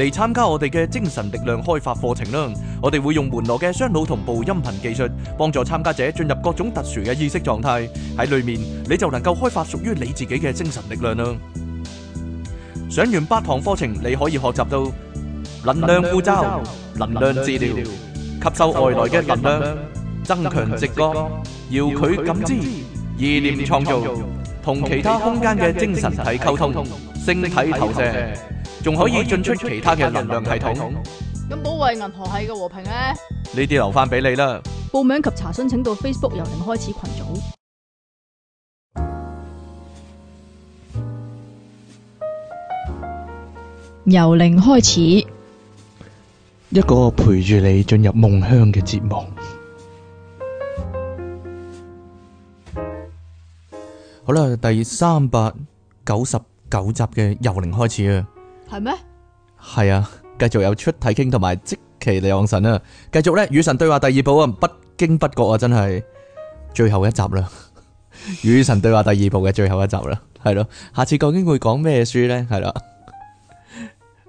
嚟參加我哋嘅精神力量開發課程啦！我哋會用門羅嘅雙腦同步音頻技術，幫助參加者進入各種特殊嘅意識狀態。喺裡面你就能夠開發屬於你自己嘅精神力量啦！上完八堂課程，你可以學習到能量護罩、能量治療、吸收外來嘅能量、增強直覺、遙距感知、意念創造、同其他空間嘅精神體溝通。晶體頭像，仲可以進出其他嘅能量系統。咁保衛銀河系嘅和平咧？呢啲留翻俾你啦。報名及查詢，請到 Facebook 由零開始群組。由零開始，一個陪住你進入夢鄉嘅節目。好啦，第三百九十。九集嘅由零開始嗎啊，係咩？係啊，繼續有出體傾同埋即其嚟望神啊，繼續咧與神對話第二部啊，不經不覺啊，真係最後一集啦，與 神對話第二部嘅最後一集啦，係咯、啊，下次究竟會講咩書咧？係啦、啊，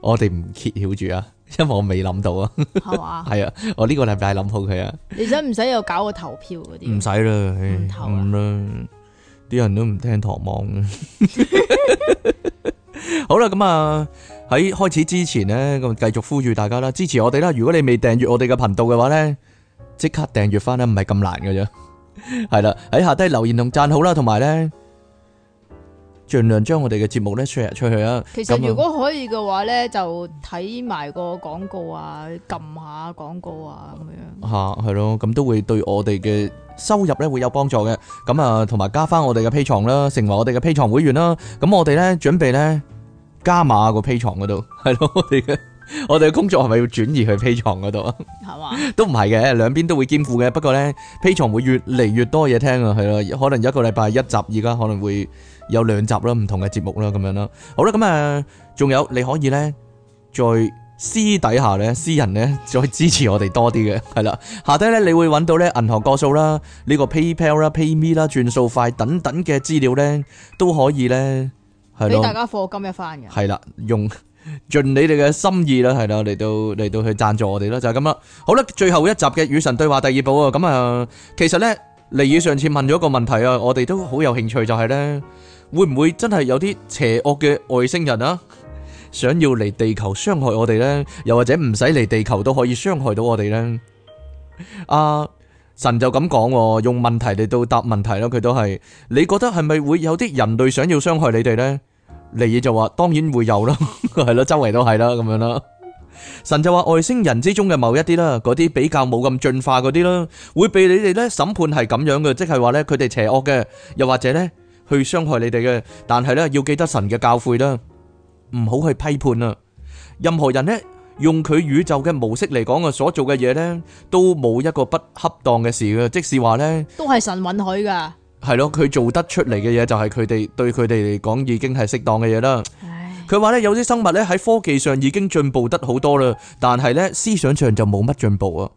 我哋唔揭曉住啊，因為我未諗到啊，係吧 啊，我呢個禮拜諗好佢啊，你使唔使又搞個投票嗰啲？唔使啦，唔投啦。嗯嗯啲人都唔聽唐望， 好啦，咁啊喺開始之前咧，咁繼續呼籲大家啦，支持我哋啦！如果你未訂閱我哋嘅頻道嘅話 呢，即刻訂閱翻呢，唔係咁難嘅啫。係啦，喺下低留言同讚好啦，同埋呢，盡量將我哋嘅節目呢 share 出去啊。其實如果，就如果可以嘅話呢，就睇埋個廣告啊，撳下廣告啊，咁樣，吓，係咯，咁 都會對我哋嘅。收入咧，會有幫助嘅，咁啊，同埋加翻我哋嘅 P 床啦，成為我哋嘅 P 床會員啦，咁我哋咧準備咧加碼個 P 床嗰度，係咯，我哋嘅我哋嘅工作係咪要轉移去 P 床嗰度啊？係嘛，都唔係嘅，兩邊都會兼顧嘅，不過咧 P 床會越嚟越多嘢聽啊，係咯，可能一個禮拜一集，而家可能會有兩集啦，唔同嘅節目啦，咁樣啦，好啦，咁啊，仲有你可以咧再私底下咧，私人咧再支持我哋多啲嘅，係啦，下低咧你會揾到咧銀行個數啦，呢個 PayPal 啦、PayMe 啦、轉數快等等嘅資料咧都可以咧，係咯，俾大家課金一番嘅，係啦，用盡你哋嘅心意啦，係啦，嚟到嚟到去贊助我哋啦。就係咁啦，好啦，最後一集嘅與神對話第二部啊，咁、嗯、啊，其實咧，尼爾上次問咗一個問題啊，我哋都好有興趣，就係咧，會唔會真係有啲邪惡嘅外星人啊？想要嚟地球傷害我哋呢，又或者唔使嚟地球都可以傷害到我哋呢。阿神就咁講，用問題嚟到答問題啦。佢都係你覺得係咪會有啲人類想要傷害你哋呢？尼爾就話當然會有啦，係啦，周圍都係啦，咁樣啦。神就話外星人之中嘅某一啲啦，嗰啲比較冇咁進化嗰啲啦，會被你哋咧審判，係咁樣嘅，即係話咧佢哋邪惡嘅，又或者咧去傷害你哋嘅，但係咧要記得神嘅教誨啦。唔好去批判啊！任何人咧用佢宇宙嘅模式嚟講啊，所做嘅嘢咧都冇一個不恰當嘅事嘅。即使話咧，都係神允許噶。係咯，佢做得出嚟嘅嘢就係佢哋對佢哋嚟講已經係適當嘅嘢啦。佢話咧有啲生物咧喺科技上已經進步得好多啦，但係咧思想上就冇乜進步啊。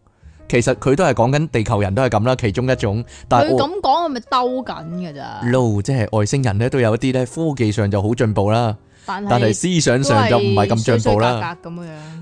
其實佢都係講緊地球人都係咁啦，其中一種。但係佢咁講係咪兜緊㗎啫？no，即係外星人咧都有一啲咧科技上就好進步啦。但係思想上是就唔係咁進步啦，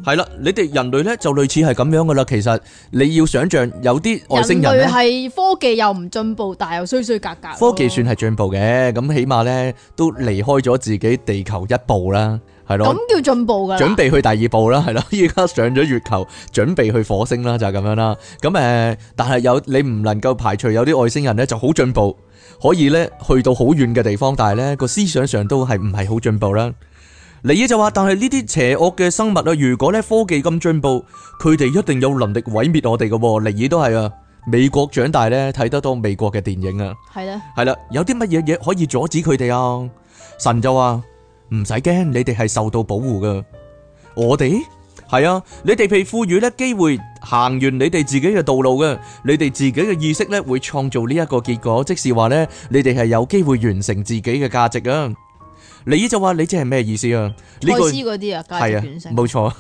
係啦，你哋人類咧就類似係咁樣噶啦。其實你要想象有啲外星人係科技又唔進步，但係又衰衰格格。科技算係進步嘅，咁起碼咧都離開咗自己地球一步啦。係咯，咁叫進步噶準備去第二步啦，係咯，依家上咗月球，準備去火星啦，就係、是、咁樣啦。咁誒、呃，但係有你唔能夠排除有啲外星人咧，就好進步，可以咧去到好遠嘅地方，但係咧個思想上都係唔係好進步啦。尼爾就話，但係呢啲邪惡嘅生物啊，如果咧科技咁進步，佢哋一定有能力毀滅我哋噶。尼爾都係啊，美國長大咧睇得多美國嘅電影啊，係啦的，係啦，有啲乜嘢嘢可以阻止佢哋啊？神就話。唔使驚，你哋係受到保護噶。我哋係啊，你哋被賦予咧機會行完你哋自己嘅道路嘅，你哋自己嘅意識咧會創造呢一個結果，即是話咧你哋係有機會完成自己嘅價值、價值、這個、啊。你姨就話你即係咩意思啊？愛思嗰啲啊，係啊，冇錯。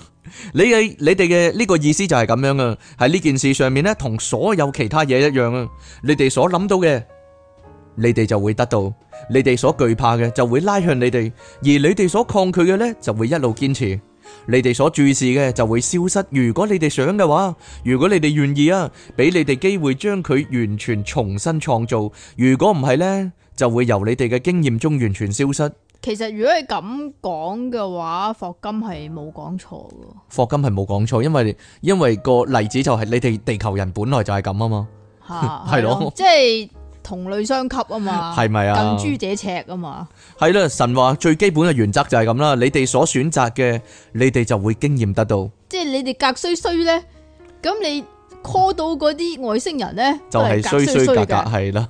你嘅你哋嘅呢個意思就係咁樣啊，喺呢件事上面咧，同所有其他嘢一樣啊。你哋所諗到嘅，你哋就會得到，你哋所懼怕嘅就會拉向你哋，而你哋所抗拒嘅呢，就會一路堅持，你哋所注視嘅就會消失。如果你哋想嘅話，如果你哋願意啊，俾你哋機會將佢完全重新創造。如果唔係呢，就會由你哋嘅經驗中完全消失。其實如果係咁講嘅話，霍金係冇講錯嘅。霍金係冇講錯，因為因為個例子就係你哋地球人本來就係咁啊嘛，係咯、啊， 了即係。同類相吸啊嘛，係咪啊？近朱者赤啊嘛，係啦。神話最基本嘅原則就係咁啦。你哋所選擇嘅，你哋就會經驗得到。即係你哋格衰衰咧，咁你 call 到嗰啲外星人咧， 就係衰衰格格係啦。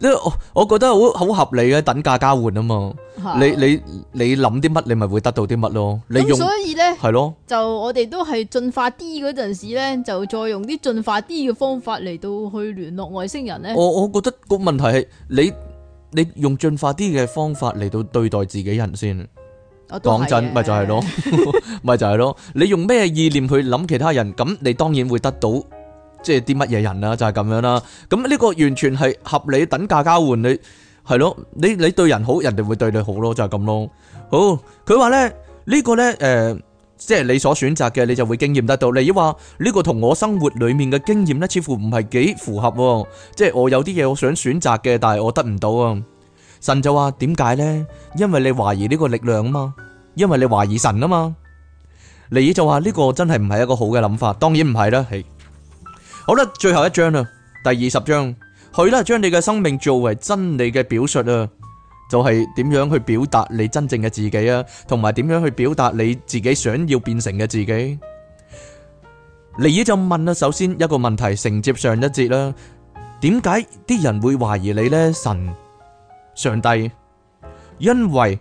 咧，我我覺得好好合理嘅等價交換啊嘛，你你你諗啲乜你咪會得到啲乜咯，咁所以呢係咯，就我哋都係進化啲嗰陣時呢，就再用啲進化啲嘅方法嚟到去聯絡外星人呢。我我覺得個問題係你你用進化啲嘅方法嚟到對待自己人先，講真咪就係咯，咪就係咯，你用咩意念去諗其他人，咁你當然會得到。即係啲乜嘢人啊，就係咁樣啦。咁呢個完全係合理等價交換，你係咯，你你對人好，人哋會對你好咯，就係咁咯。好，佢話咧呢個咧，誒，即係你所選擇嘅，你就會經驗得到。你話呢個同我生活裏面嘅經驗咧，似乎唔係幾符合。即係我有啲嘢我想選擇嘅，但係我得唔到啊。神就話點解咧？因為你懷疑呢個力量啊嘛，因為你懷疑神啊嘛。你就話呢個真係唔係一個好嘅諗法，當然唔係啦。好啦，最後一章啦，第二十章，去啦，將你嘅生命作為真理嘅表述啊，就係點樣去表達你真正嘅自己啊，同埋點樣去表達你自己想要變成嘅自己。尼爾就問啦，首先一個問題，承接上一節啦，點解啲人會懷疑你呢？神、上帝，因為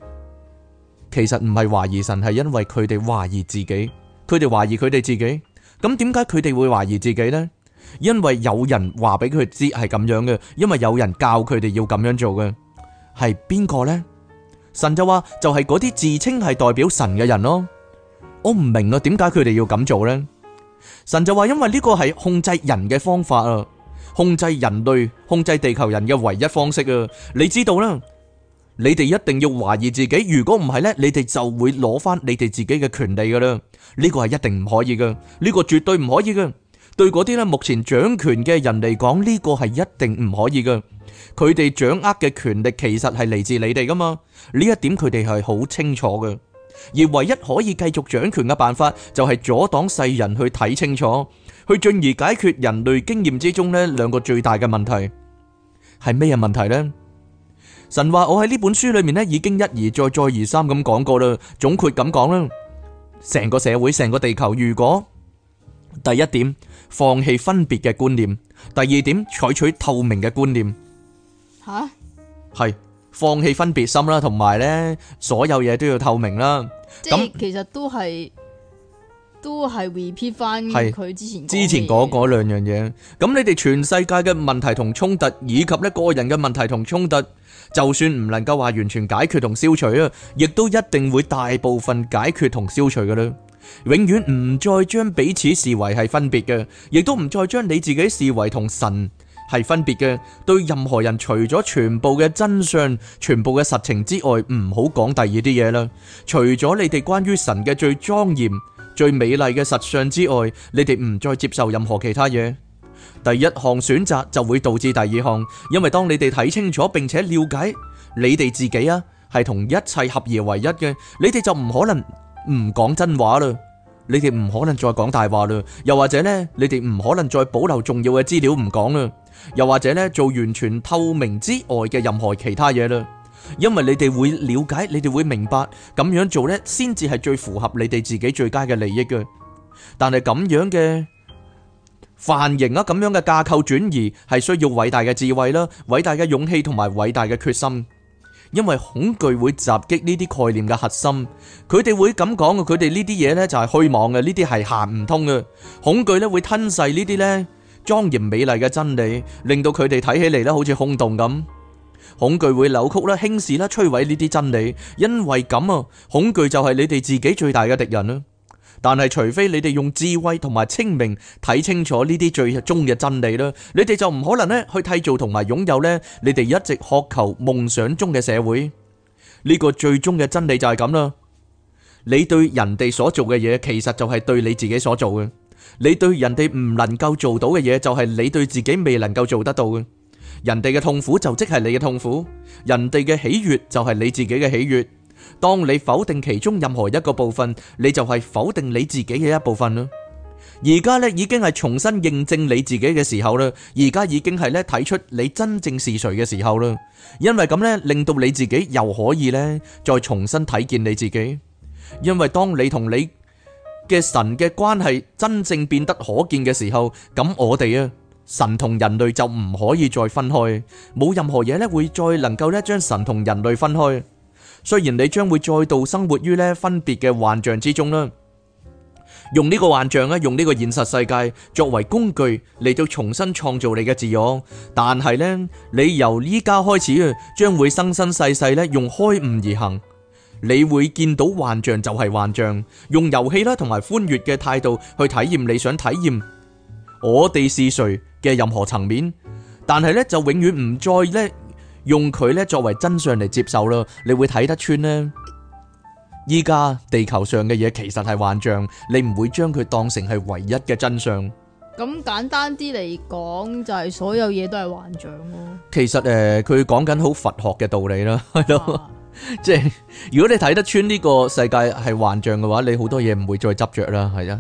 其實唔係懷疑神，係因為佢哋懷疑自己，佢哋懷疑佢哋自己。咁點解佢哋會懷疑自己呢？因為有人話俾佢知係咁樣嘅，因為有人教佢哋要咁樣做嘅。係邊個呢？神就話，就係嗰啲自稱係代表神嘅人咯。我唔明啊，點解佢哋要咁做呢？神就話，因為呢個係控制人嘅方法啊，控制人類、控制地球人嘅唯一方式啊。你知道啦，你哋一定要懷疑自己，如果唔係呢，你哋就會攞翻你哋自己嘅權利噶啦。呢個係一定唔可以嘅，呢個絕對唔可以嘅。對嗰啲咧，目前掌權嘅人嚟講，呢個係一定唔可以嘅。佢哋掌握嘅權力其實係嚟自你哋㗎嘛。呢一點佢哋係好清楚嘅。而唯一可以繼續掌權嘅辦法，就係阻擋世人去睇清楚，去進而解決人類經驗之中呢兩個最大嘅問題，係咩嘢問題呢？神話我喺呢本書裏面呢已經一而再、再而三咁講過啦。總括咁講啦，成個社會、成個地球，如果第一點，放棄分別嘅觀念；第二點，採取透明嘅觀念。吓，係放棄分別心啦，同埋咧，所有嘢都要透明啦。即係其實都係都係 repeat 翻佢之前之前嗰嗰兩樣嘢。咁你哋全世界嘅問題同衝突，以及咧個人嘅問題同衝突，就算唔能夠話完全解決同消除啊，亦都一定會大部分解決同消除噶啦。永遠唔再將彼此視為係分別嘅，亦都唔再將你自己視為同神係分別嘅。對任何人，除咗全部嘅真相、全部嘅實情之外，唔好講第二啲嘢啦。除咗你哋關於神嘅最莊嚴、最美麗嘅實相之外，你哋唔再接受任何其他嘢。第一項選擇就會導致第二項，因為當你哋睇清楚並且了解，你哋自己呀係同一切合而為一嘅，你哋就唔可能。唔講真話啦，你哋唔可能再講大話啦，又或者呢，你哋唔可能再保留重要嘅資料唔講啦，又或者呢，做完全透明之外嘅任何其他嘢啦，因為你哋會了解，你哋會明白，咁樣做呢，先至係最符合你哋自己最佳嘅利益嘅。但係咁樣嘅範型啊，咁樣嘅架構轉移係需要偉大嘅智慧啦、啊，偉大嘅勇氣同埋偉大嘅決心。因為恐懼會襲擊呢啲概念嘅核心，佢哋會咁講，佢哋呢啲嘢呢，就係虛妄嘅，呢啲係行唔通嘅。恐懼呢會吞噬呢啲呢莊嚴美麗嘅真理，令到佢哋睇起嚟咧好似空洞咁。恐懼會扭曲啦、輕視啦、摧毀呢啲真理。因為咁啊，恐懼就係你哋自己最大嘅敵人啊！但係，除非你哋用智慧同埋清明睇清楚呢啲最終嘅真理啦，你哋就唔可能咧去締造同埋擁有咧，你哋一直渴求夢想中嘅社會呢個最終嘅真理就係咁啦。你對人哋所做嘅嘢，其實就係對你自己所做嘅；你對人哋唔能夠做到嘅嘢，就係你對自己未能夠做得到嘅。人哋嘅痛苦就即係你嘅痛苦，人哋嘅喜悅就係你自己嘅喜悅。當你否定其中任何一個部分，你就係否定你自己嘅一部分啦。而家咧已經係重新認證你自己嘅時候啦，而家已經係咧睇出你真正是誰嘅時候啦。因為咁咧，令到你自己又可以咧再重新睇見你自己。因為當你同你嘅神嘅關係真正變得可見嘅時候，咁我哋啊，神同人類就唔可以再分開，冇任何嘢咧會再能夠咧將神同人類分開。雖然你將會再度生活於咧分別嘅幻象之中啦，用呢個幻象咧，用呢個現實世界作為工具嚟到重新創造你嘅自我，但係呢，你由呢家開始啊，將會生生世世咧用開悟而行，你會見到幻象就係幻象，用遊戲啦同埋歡悅嘅態度去體驗你想體驗，我哋是誰嘅任何層面，但係呢，就永遠唔再咧。用佢咧作為真相嚟接受咯，你會睇得穿呢，依家地球上嘅嘢其實係幻象，你唔會將佢當成係唯一嘅真相。咁簡單啲嚟講，就係所有嘢都係幻象咯。其實誒，佢講緊好佛學嘅道理啦，係咯，即係如果你睇得穿呢個世界係幻象嘅話，你好多嘢唔會再執着啦，係啊，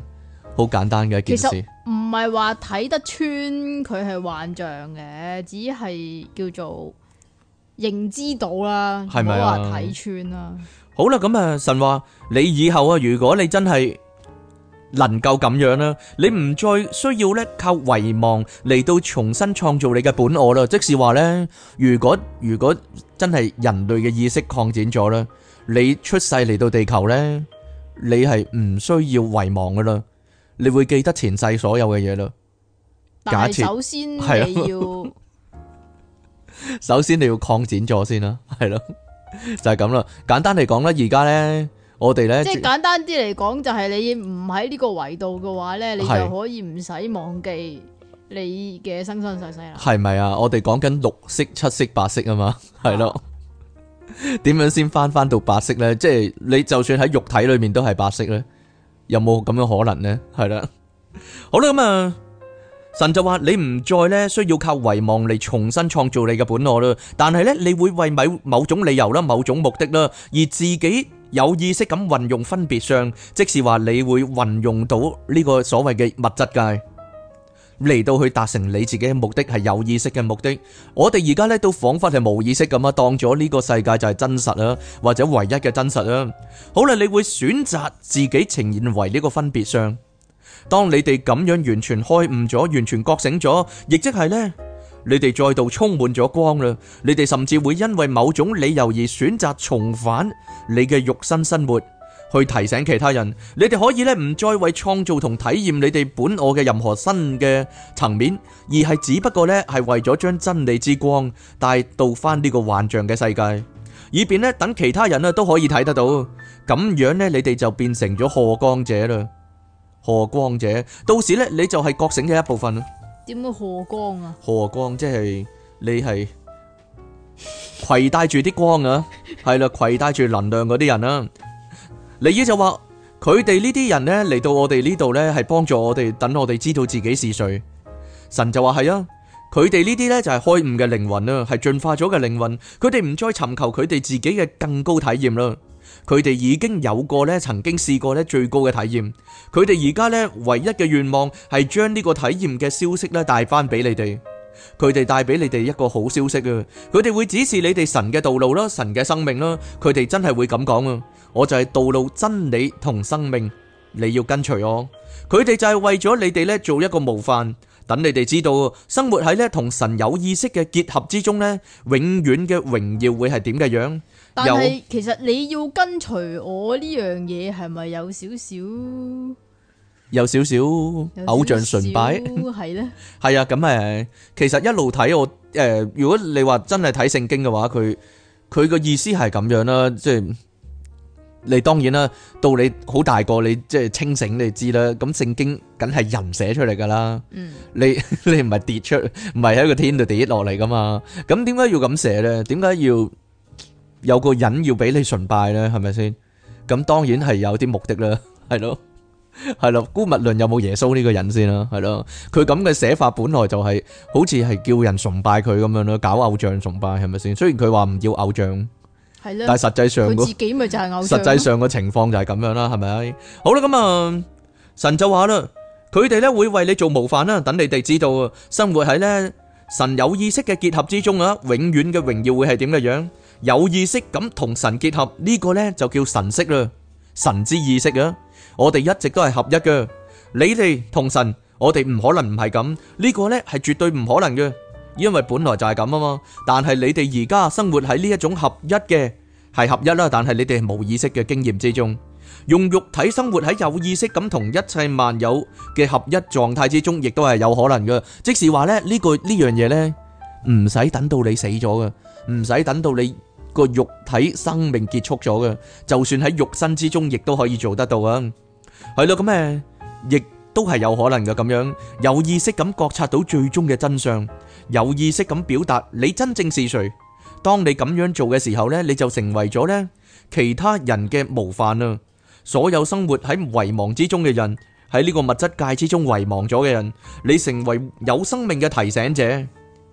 好簡單嘅一件事。唔係話睇得穿佢係幻象嘅，只係叫做。認知到啦，係咪？唔好話睇穿啦。好啦，咁啊，神話你以後啊，如果你真係能夠咁樣啦，你唔再需要咧靠遺忘嚟到重新創造你嘅本我啦。即係話咧，如果如果真係人類嘅意識擴展咗啦，你出世嚟到地球咧，你係唔需要遺忘噶啦，你會記得前世所有嘅嘢啦。但係假設，首先你要。首先你要擴展咗先啦，係咯，就係咁啦。簡單嚟講啦，而家咧我哋咧，即係簡單啲嚟講，就係你唔喺呢個維度嘅話咧，你就可以唔使忘記你嘅生生世世啦。係咪啊？我哋講緊綠色、七色、白色啊嘛，係咯。點 樣先翻翻到白色咧？即係你就算喺肉體裏面都係白色咧，有冇咁樣可能咧？係啦，好啦咁啊。神就話：你唔再咧需要靠遺忘嚟重新創造你嘅本我啦，但係咧你會為某某種理由啦、某種目的啦，而自己有意識咁運用分別相，即是話你會運用到呢個所謂嘅物質界嚟到去達成你自己嘅目的，係有意識嘅目的。我哋而家咧都仿佛係冇意識咁啊，當咗呢個世界就係真實啦，或者唯一嘅真實啦。好啦，你會選擇自己呈現為呢個分別相。當你哋咁樣完全開悟咗，完全覺醒咗，亦即係呢，你哋再度充滿咗光啦。你哋甚至會因為某種理由而選擇重返你嘅肉身生活，去提醒其他人。你哋可以咧唔再為創造同體驗你哋本我嘅任何新嘅層面，而係只不過呢，係為咗將真理之光帶到翻呢個幻象嘅世界，以便呢，等其他人啊都可以睇得到。咁樣呢，你哋就變成咗賀光者啦。何光者？到時咧，你就係覺醒嘅一部分咯。點會何光啊？何光即係，你係攜帶住啲光啊，係啦， 攜帶住能量嗰啲人啊。李姨就話佢哋呢啲人咧嚟到我哋呢度咧，係幫助我哋，等我哋知道自己是誰。神就話係啊，佢哋呢啲咧就係開悟嘅靈魂啊，係進化咗嘅靈魂，佢哋唔再尋求佢哋自己嘅更高體驗啦。佢哋已經有過咧，曾經試過咧最高嘅體驗。佢哋而家咧唯一嘅願望係將呢個體驗嘅消息咧帶返俾你哋。佢哋帶俾你哋一個好消息啊！佢哋會指示你哋神嘅道路啦，神嘅生命啦。佢哋真係會咁講啊！我就係道路真理同生命，你要跟隨我。佢哋就係為咗你哋咧做一個模範，等你哋知道生活喺咧同神有意識嘅結合之中咧，永遠嘅榮耀會係點嘅樣。但係有其實你要跟隨我呢樣嘢係咪有少少？有少少偶像崇拜，會係咧？係啊， 咁誒，其實一路睇我誒、呃，如果你話真係睇聖經嘅話，佢佢個意思係咁樣啦，即係你當然啦，到你好大個，你即係清醒，你知啦。咁聖經梗係人寫出嚟噶啦，嗯，你你唔係跌出，唔係喺個天度跌落嚟噶嘛？咁點解要咁寫咧？點解要？有個人要俾你崇拜咧，係咪先？咁當然係有啲目的啦，係咯，係咯。姑勿論有冇耶穌呢個人先啦？係咯，佢咁嘅寫法本來就係好似係叫人崇拜佢咁樣咯，搞偶像崇拜係咪先？雖然佢話唔要偶像，係咯，但係實際上佢自己咪就係偶像。實際上嘅情況就係咁樣啦，係咪？好啦，咁啊，神就話啦，佢哋咧會為你做模範啦，等你哋知道啊，生活喺咧神有意識嘅結合之中啊，永遠嘅榮耀會係點嘅樣。有意識咁同神結合呢個咧就叫神識啦，神之意識啊！我哋一直都係合一嘅，你哋同神，我哋唔可能唔係咁，呢個咧係絕對唔可能嘅，因為本來就係咁啊嘛。但係你哋而家生活喺呢一種合一嘅係合一啦，但係你哋係冇意識嘅經驗之中，用肉體生活喺有意識咁同一切萬有嘅合一狀態之中，亦都係有可能㗎。即係話咧呢個呢樣嘢咧唔使等到你死咗㗎，唔使等到你。個肉體生命結束咗嘅，就算喺肉身之中，亦都可以做得到啊！係咯，咁咧亦都係有可能嘅。咁樣有意識咁覺察到最終嘅真相，有意識咁表達你真正是誰。當你咁樣做嘅時候咧，你就成為咗咧其他人嘅模範啦。所有生活喺遺忘之中嘅人，喺呢個物質界之中遺忘咗嘅人，你成為有生命嘅提醒者。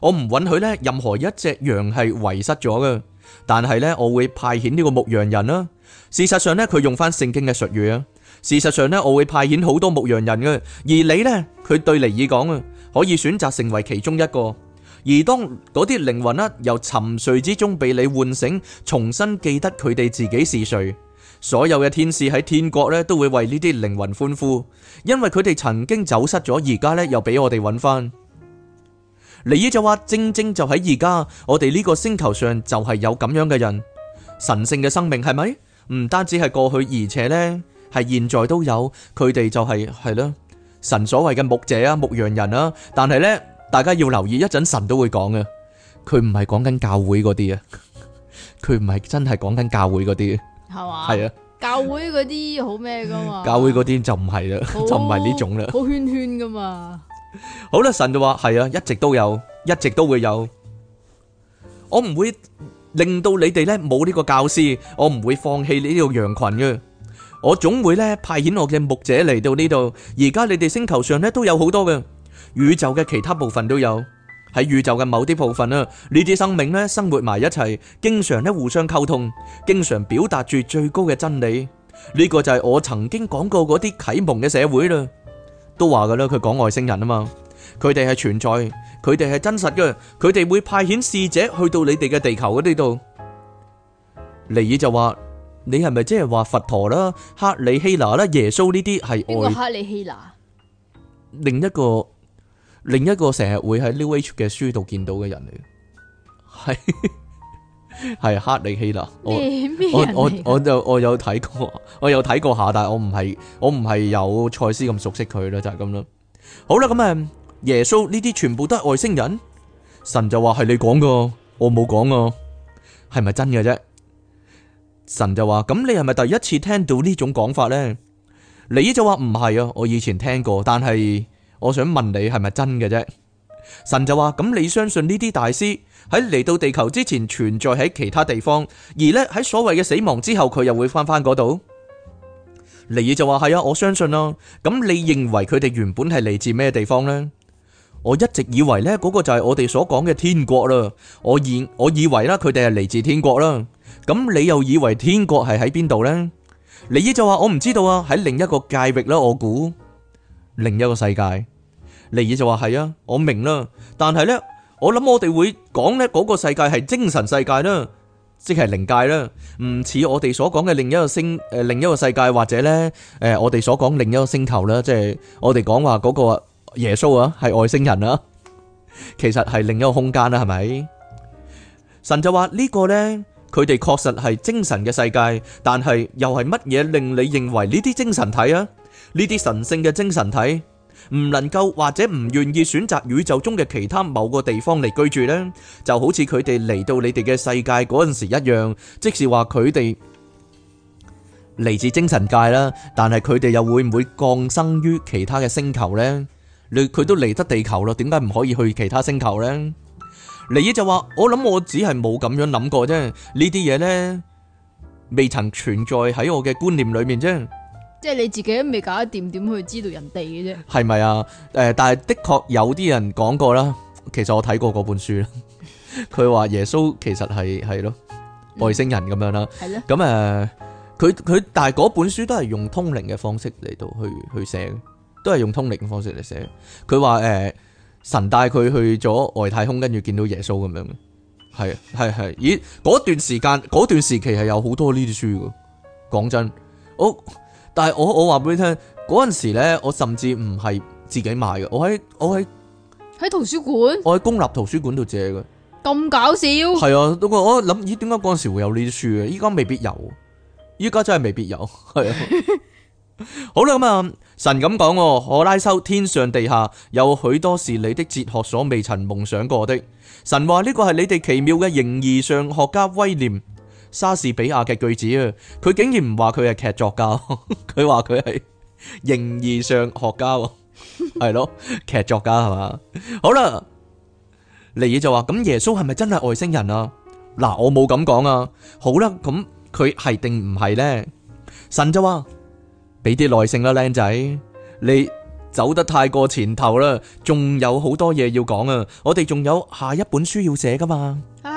我唔允許咧，任何一隻羊係遺失咗㗎，但係咧我會派遣呢個牧羊人啦。事實上咧，佢用翻聖經嘅術語啊，事實上咧我會派遣好多牧羊人㗎，而你呢，佢對尼爾講啊，可以選擇成為其中一個。而當嗰啲靈魂呢，由沉睡之中被你喚醒，重新記得佢哋自己是誰，所有嘅天使喺天國咧都會為呢啲靈魂歡呼，因為佢哋曾經走失咗，而家咧又俾我哋揾翻。你依就話，正正就喺而家，我哋呢個星球上就係有咁樣嘅人，神聖嘅生命係咪？唔單止係過去，而且呢係現在都有，佢哋就係係咯，神所謂嘅牧者啊，牧羊人啊。但係呢，大家要留意，一陣神都會講嘅，佢唔係講緊教會嗰啲啊，佢唔係真係講緊教會嗰啲，係嘛？係啊，教會嗰啲好咩噶嘛？教會嗰啲就唔係啦，就唔係呢種啦，好圈圈噶嘛。好啦，神就話係啊，一直都有，一直都會有。我唔會令到你哋咧冇呢個教師，我唔會放棄你呢個羊群嘅。我總會咧派遣我嘅牧者嚟到呢度。而家你哋星球上咧都有好多嘅宇宙嘅其他部分都有喺宇宙嘅某啲部分啊。呢啲生命咧生活埋一齊，經常咧互相溝通，經常表達住最高嘅真理。呢個就係我曾經講過嗰啲啟蒙嘅社會啦。都話噶啦，佢講外星人啊嘛，佢哋係存在，佢哋係真實嘅，佢哋會派遣使者去到你哋嘅地球嘅呢度。尼爾就話：你係咪即係話佛陀啦、克里希娜啦、耶穌呢啲係外？邊個克里希娜？另一個，另一個成日會喺 New Age 嘅書度見到嘅人嚟。係。係克里希勒，我我我就我，我，我有睇過，我有睇過下，但係我唔係我唔係有賽斯咁熟悉佢咯，就係咁咯。好啦，咁啊，耶穌呢啲全部都係外星人，神就話，係你講噶，我冇講啊，係咪真嘅啫？神就話咁你係咪第一次聽到呢種講法咧？你就話唔係啊，我以前聽過，但係我想問你係咪真嘅啫？神就話咁你相信呢啲大師？喺嚟到地球之前存在喺其他地方，而呢，喺所謂嘅死亡之後，佢又會翻返嗰度。尼爾就話係啊，我相信啦、啊。咁你認為佢哋原本係嚟自咩地方呢？我一直以為呢嗰、嗰個就係我哋所講嘅天國啦。我以我以為啦，佢哋係嚟自天國啦。咁你又以為天國係喺邊度呢？尼爾就話我唔知道啊，喺另一個界域啦，我估另一個世界。尼爾就話係啊，我明啦，但係呢……我諗我哋會講呢，嗰個世界係精神世界啦，即係靈界啦，唔似我哋所講嘅另一個星誒，另一個世界或者呢誒，我哋所講另一個星球啦，即係我哋講話嗰個耶穌啊，係外星人啊，其實係另一個空間啦，係咪？神就話呢個呢，佢哋確實係精神嘅世界，但係又係乜嘢令你認為呢啲精神體啊？呢啲神聖嘅精神體？唔能夠或者唔願意選擇宇宙中嘅其他某個地方嚟居住呢，就好似佢哋嚟到你哋嘅世界嗰陣時一樣。即是話佢哋嚟自精神界啦，但係佢哋又會唔會降生於其他嘅星球呢？佢佢都嚟得地球咯，點解唔可以去其他星球呢？尼爾就話：我諗我只係冇咁樣諗過啫，呢啲嘢呢，未曾存在喺我嘅觀念裏面啫。即係你自己都未搞得掂，點去知道人哋嘅啫？係咪啊？誒、呃，但係的確有啲人講過啦。其實我睇過嗰本書啦，佢 話耶穌其實係係咯外星人咁樣啦。係咧咁誒，佢佢、呃、但係嗰本書都係用通靈嘅方式嚟到去去寫，都係用通靈嘅方式嚟寫。佢話誒神帶佢去咗外太空，跟住見到耶穌咁樣，係係係。咦，嗰段時間嗰段時期係有好多呢啲書嘅。講真，好、哦。但係我我話俾你聽，嗰陣時呢，我甚至唔係自己買嘅，我喺我喺喺圖書館，我喺公立圖書館度借嘅。咁搞笑。係啊，不過我諗咦，點解嗰陣時會有呢啲書嘅？依家未必有，依家真係未必有。係啊。 好啦咁啊，神咁講哦，荷拉修，天上地下有許多是你的哲學所未曾夢想過的。神話呢個係你哋奇妙嘅形而上學家威廉莎士比亞嘅句子啊，佢竟然唔話佢係劇作家，佢話佢係形而上學家，係咯， 劇作家係嘛？好啦，尼野就話咁耶穌係咪真係外星人啊？嗱，我冇咁講啊。好啦，咁佢係定唔係呢？神就話俾啲耐性啦，靚仔，你走得太過前頭啦，仲有好多嘢要講啊，我哋仲有下一本書要寫噶嘛？啊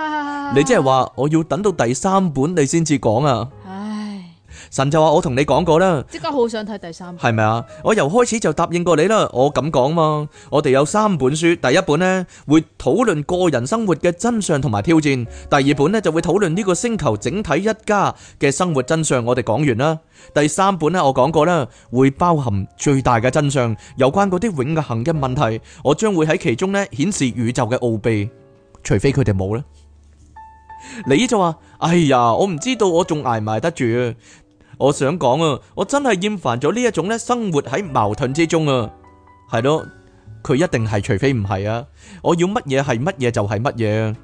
你即係話我要等到第三本你先至講啊！唉，神就話我同你講過啦，即刻好想睇第三本係咪啊？我由開始就答應過你啦，我咁講嘛，我哋有三本書，第一本呢會討論個人生活嘅真相同埋挑戰，第二本呢就會討論呢個星球整體一家嘅生活真相，我哋講完啦，第三本呢我講過啦，會包含最大嘅真相，有關嗰啲永恒嘅問題，我將會喺其中呢顯示宇宙嘅奧秘，除非佢哋冇啦。你就話，哎呀，我唔知道，我仲挨唔挨得住？我想講啊，我真係厭煩咗呢一種咧，生活喺矛盾之中啊，係咯，佢一定係，除非唔係啊。我要乜嘢係乜嘢就係乜嘢。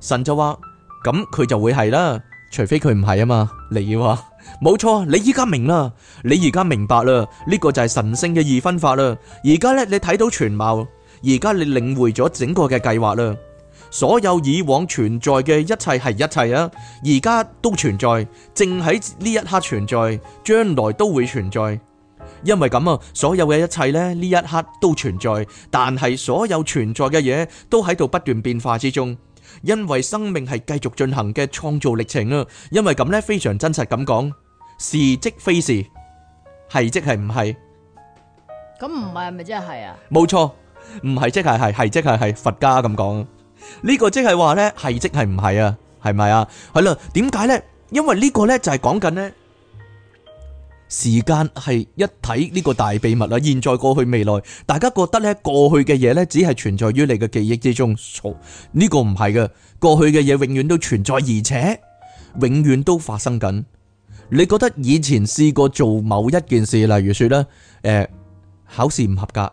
神就話，咁佢就會係啦，除非佢唔係啊嘛。你要話，冇錯，你依家明啦，你而家明白啦，呢個就係神聖嘅二分法啦。而家咧，你睇到全貌，而家你領會咗整個嘅計劃啦。所有以往存在嘅一切係一切啊，而家都存在，正喺呢一刻存在，將來都會存在。因為咁啊，所有嘅一切呢，呢一刻都存在，但係所有存在嘅嘢都喺度不斷變化之中，因為生命係繼續進行嘅創造歷程啊。因為咁呢，非常真實咁講，是即非是，係即係唔係？咁唔係咪即係啊？冇錯，唔係即係係係即係係，佛家咁講。呢個是是即係話呢，係即係唔係啊？係咪啊？係啦，點解呢？因為呢個呢，就係講緊呢時間係一體呢個大秘密啦。現在、過去、未來，大家覺得呢過去嘅嘢呢，只係存在於你嘅記憶之中，呢、呢個唔係嘅。過去嘅嘢永遠都存在，而且永遠都發生緊。你覺得以前試過做某一件事，例如說呢，誒，考試唔合格。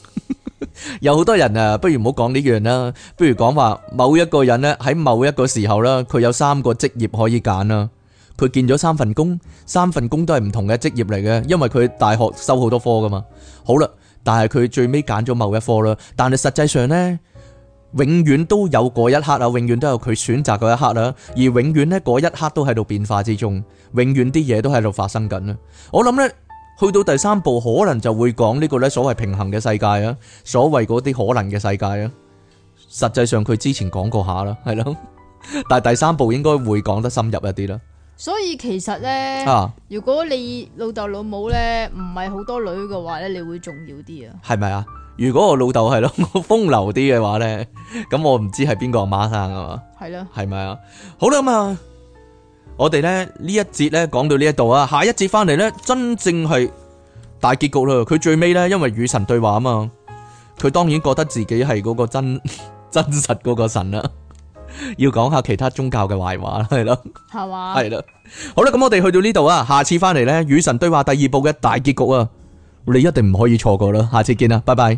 有好多人啊，不如唔好講呢樣啦，不如講話某一個人呢，喺某一個時候啦，佢有三個職業可以揀啦，佢見咗三份工，三份工都係唔同嘅職業嚟嘅，因為佢大學收好多科噶嘛。好啦，但係佢最尾揀咗某一科啦，但係實際上呢，永遠都有嗰一刻啊，永遠都有佢選擇嗰一刻啦，而永遠呢，嗰一刻都喺度變化之中，永遠啲嘢都喺度發生緊啦。我諗呢。去到第三部，可能就會講呢個咧所謂平衡嘅世界啊，所謂嗰啲可能嘅世界啊，實際上佢之前講過下啦，係咯，但係第三部應該會講得深入一啲啦。所以其實咧，啊、如果你老豆老母呢唔係好多女嘅話咧，你會重要啲啊？係咪啊？如果我老豆係咯，我風流啲嘅話呢，咁我唔知係邊個阿媽生啊嘛？係咯？係咪啊？好啦嘛～我哋呢呢一節呢講到呢一度啊，下一節翻嚟呢，真正係大結局啦。佢最尾呢，因為與神對話啊嘛，佢當然覺得自己係嗰個真真實嗰個神啦。要講下其他宗教嘅壞話，係咯，係嘛，係咯吧。好啦，咁我哋去到呢度啊，下次翻嚟呢，與神對話第二部嘅大結局啊，你一定唔可以錯過啦。下次見啦，拜拜。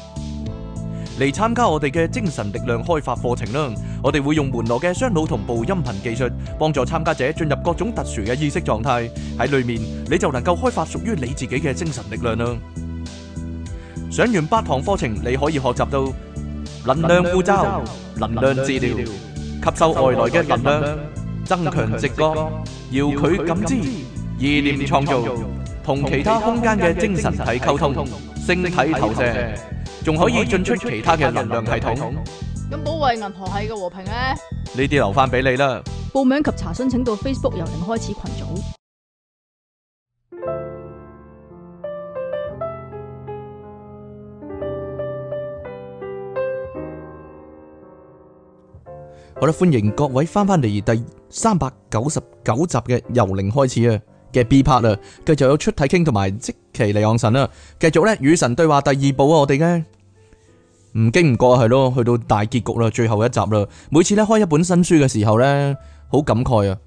嚟參加我哋嘅精神力量開發課程啦！我哋會用門羅嘅雙腦同步音頻技術，幫助參加者進入各種特殊嘅意識狀態。喺裏面你就能夠開發屬於你自己嘅精神力量啦！上完八堂課程，你可以學習到能量護罩、能量治療、吸收外來嘅能量、增強直覺、遙距感知、意念創造、同其他空間嘅精神體溝通、星體投射。仲可，可以進出其他嘅能量系統。咁保衛銀河系嘅和平咧？呢啲留翻俾你啦。報名及查詢請到 Facebook 由零開始群組。嗯、好啦，歡迎各位翻翻嚟第三百九十九集嘅由零開始啊嘅 B Part 啊，繼續有出體傾同埋即。奇嚟昂神啊，繼續咧與神對話第二部啊，我哋嘅唔經唔過係咯，去到大結局啦，最後一集啦。每次咧開一本新書嘅時候咧，好感慨啊，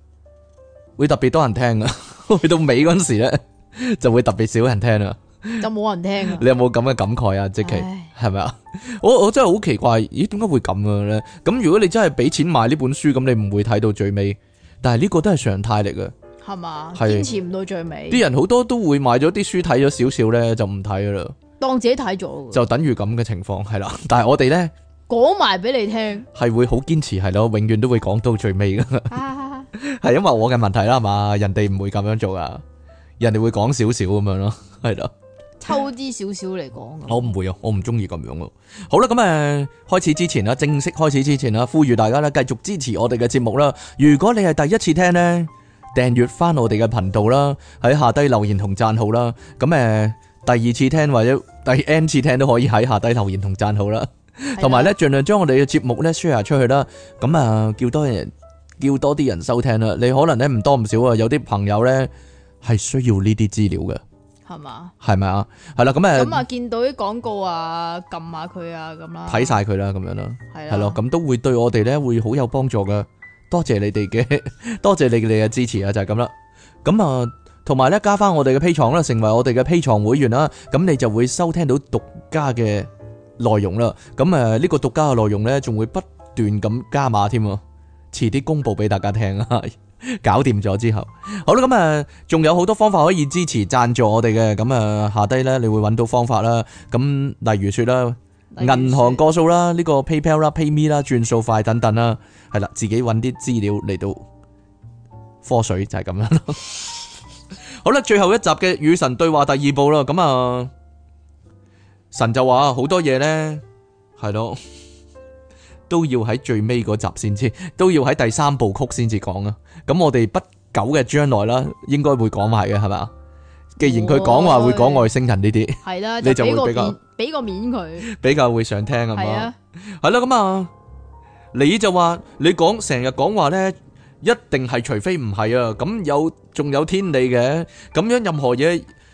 會特別多人聽啊，去 到尾嗰陣時咧 就會特別少人聽啊，就冇人聽。你有冇咁嘅感慨啊？即奇係咪啊？我我真係好奇怪，咦？點解會咁樣咧？咁如果你真係俾錢買呢本書，咁你唔會睇到最尾，但係呢個都係常態嚟嘅。係嘛，堅持唔到最尾，啲人好多都會買咗啲書睇咗少少咧，就唔睇噶啦，當自己睇咗，就等於咁嘅情況係啦。但係我哋咧，講埋俾你聽，係會好堅持係咯，永遠都會講到最尾噶，係 因為我嘅問題啦，係嘛，人哋唔會咁樣做噶，人哋會講少少咁樣咯，係咯，抽支少少嚟講，我唔會啊，我唔中意咁樣咯。好啦，咁誒，開始之前啦，正式開始之前啦，呼籲大家咧，繼續支持我哋嘅節目啦。如果你係第一次聽呢。訂閱翻我哋嘅頻道啦，喺下低留言同讚好啦。咁誒，第二次聽或者第 n 次聽都可以喺下低留言同讚好啦。同埋咧，盡量將我哋嘅節目咧 share 出去啦。咁啊，叫多人，叫多啲人收聽啦。你可能咧唔多唔少啊，有啲朋友咧係需要呢啲資料嘅，係嘛吧？係咪啊？係啦，咁誒。咁啊那，嗯、見到啲廣告啊，撳下佢啊，咁啦。睇晒佢啦，咁樣啦，係咯的，咁都會對我哋咧會好有幫助嘅。多謝你哋嘅，多謝你哋嘅支持啊，就係咁啦。咁啊，同埋咧加翻我哋嘅 P 廠啦，成為我哋嘅 P 廠會員啦，咁你就會收聽到獨家嘅內容啦。咁誒，呢個獨家嘅內容呢，仲會不斷咁加碼添，遲啲公布俾大家聽啊。 搞掂咗之後，好啦，咁啊，仲有好多方法可以支持贊助我哋嘅，咁啊下低呢，你會揾到方法啦。咁例如說啦。銀行個數啦，呢、這個 PayPal 啦，PayMe 啦，轉數快等等啦，係啦，自己揾啲資料嚟到科水就係、是、咁樣咯。 好啦，最後一集嘅與神對話第二部啦，咁、嗯、啊，神就話好多嘢咧，係咯，都要喺最尾嗰集先知，都要喺第三部曲先至講啊。咁我哋不久嘅將來啦，應該會講埋嘅係咪？既然佢講話會講外星人呢啲，係啦，就 你就會比較俾個面佢， 比較會想聽啊嘛。係啦的，咁啊吧，你就你話你講成日講話咧，一定係除非唔係啊。咁有仲有天理嘅，咁樣任何嘢。